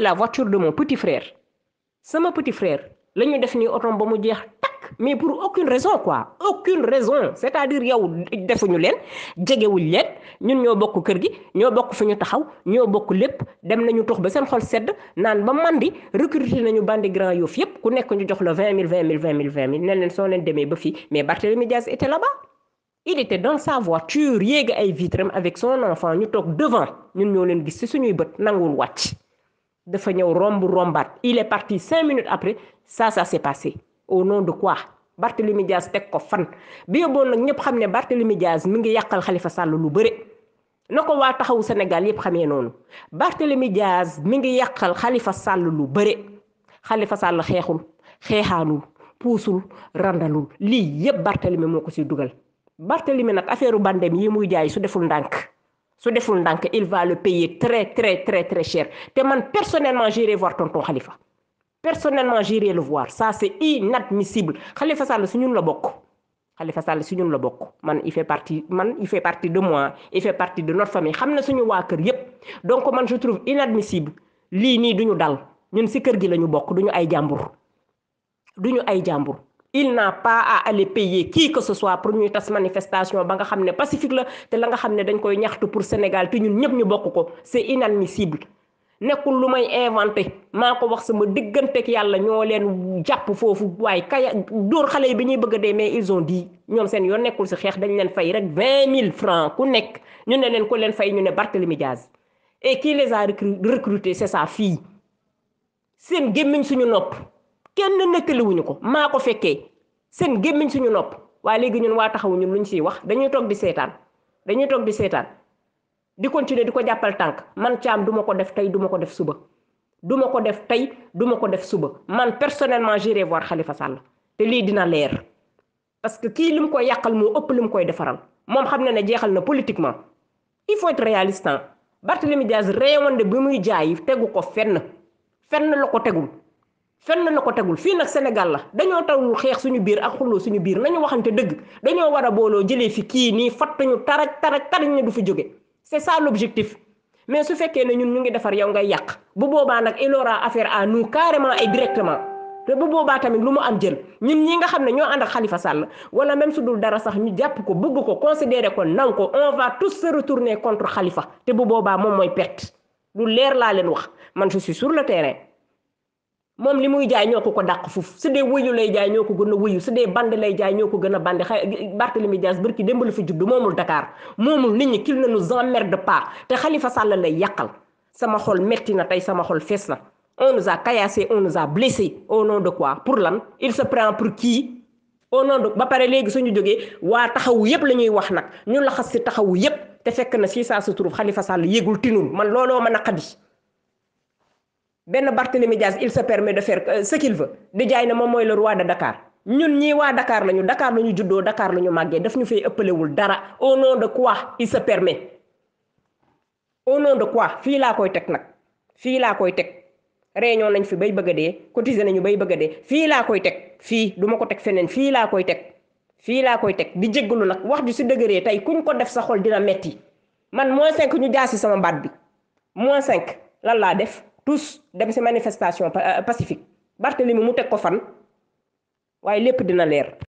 c'est la voiture de mon petit frère sama petit frère la ñu def nii otom ba mu jeex takk mais pour aucune raison quoi aucune raison c'est-à-dire yow defuñu leen jegewuñ leen ñun ñoo bokk kër gi ñoo bokk fi ñu taxaw ñoo bokk lépp dem nañu tox ba seen xol sedd naan ba mandi recruter nañu bandi Grand Yoff yëpp ku nekk ñu jox la vingt mille vingt mille vingt mille vingt mille ne leen soo leen demee ba fii mais Barthélémy Diaz était là-bas il était dans sa voiture yéegi ñu toog devant ñun ñoo leen gis ci suñuy bët nanguwul wàcc dafa ñëw romb rombaat il est parti cinq minutes après ça ça s'est passé au nom de quoi Barthélemy Diaz teg ko fan bi yóbboon nag ñëpp xam ne Barthélemy Diaz mi ngi yàqal Khalifa Sall lu bëre na waa taxawu Sénégal yëpp xamee noonu Barthélemy Diaz mi ngi yàqal xalifa sàll lu bëre xalifa sàll xeexul xeexaanul puusul randalul lii yëpp Barthélemy moo ko si dugal mi nag affaire u yi muy jaay su deful ndànk su deful ndànk il va le payer très très très très cher te man personnellement j'irai voir tonton Khalifa personnellement j'irai le voir ça c'est inadmissible Khalifa Sall su ñun la bokk Khalifa Sall su ñun la bokk man il fait partie man il fait partie de moi il fait partie de notre famille xam na suñu waa kër yëpp donc man je trouve inadmissible lii nii duñu dal ñun si kër gi lañu bokk duñu ay jàmbur duñu ay jàmbur il n'a pas à aller payer qui que ce soit pour ñuy tas manifestation ba nga xam ne pacifique la te la nga xam ne dañ koy ñaxtu pour Sénégal te ñun ñëpp ñu bokk ko inan c'est inadmissible nekkul lu may inventé maa ko wax sama digganteeg yàlla ñoo leen jàpp foofu waaye kaya dóor xale yi bi ñuy bëgg a dee mais ils ont dit ñoom seen yoon nekkul si xeex dañ leen fay rek vingt mille francs ku nekk ñu ne leen ku leen fay ñu ne Barthélemy Diaz et qui les a recrutés c'est sa fille seen gémmiñ suñu nopp nekk nettaliwuñu ko maa ko fekkee seen gémmiñ suñu nopp waa léegi ñun waa taxawu ñun luñ ciy wax dañuy toog di seetaan dañuy toog di seetaan di continuer di ko jàppal tànk man caam duma ko def tey duma ko def suba duma ko def tey duma ko def suba man personnellement j'irai voir Khalifa Sall te lii dina leer parce que kii lim koy yàqal moo ëpp lim koy defaral moom xam na ne jeexal na politiquement il faut être réaliste Barthélémy Dias réewande bi muy jaay tegu ko fenn fenn la ko tegul fenn la ko tegul fii nag Sénégal la dañoo tawul xeex suñu biir ak xulloo suñu biir nañu waxante dëgg dañoo war a booloo jëlee fi kii nii fatt ñu taraj taraj taraj ne du fi jóge c'est ça l'objectif mais su fekkee ne ñun ñu ngi defar yow ngay yàq bu boobaa nag il aura affaire à nous carrément et directement te bu boobaa tamit lu mu am jël ñun ñi nga xam ne ñoo ànd xalifa sàll Sall wala même su dul dara sax ñu jàpp ko bëgg ko considérer ko naw ko on va tous se contre Khalifa te bu boobaa moom mooy perte lu leer laa leen wax man je suis sur le terrain moom li muy jaay ñoo ko ko dàq fuf su dee wëyu lay jaay ñoo ko gën a wëyu su dee band lay jaay ñoo ko gën a bandi xay Barthélemy Dias bërki démb la fi juddu moomul Dakar moomul nit ñi kil na nous de pas te Khalifa Sall lay yàqal sama xol metti na tey sama xol fees na on nous a caillassé on nous a blessé de quoi pour lan il pour qui au nom de ba pare léegi suñu jógee waa taxawu yépp la ñuy wax nag ñu laxas si taxawu yépp te fekk na si saa su turub Khalifa Sall yéegul tinul man looloo ma naqadi benn Barthélemy Diaz il se permet de faire euh, ce qu'il veut di jaay ne moom mooy le roi de Dakar ñun ñii waa Dakar lañu Dakar lañu juddoo Dakar lañu màggee daf ñu fay ëppalewul dara au nom de quoi il sa permet au de quoi fii laa koy teg nag fii laa koy teg réunion nañ fi bay bëgg a dee cotiser nañu bay bëgg a fii laa koy teg fii du ma ko teg feneen fii laa koy teg fii laa koy teg di jéggalu nag wax ju si dëgëree tey kuñ ko def sa xol dina metti man moins cinq ñu jaasi sama baat bi moins cinq lan laa def. tous dem ci manifestation euh, pacifique Barthélemy mu teg ko fan waaye lépp dina leer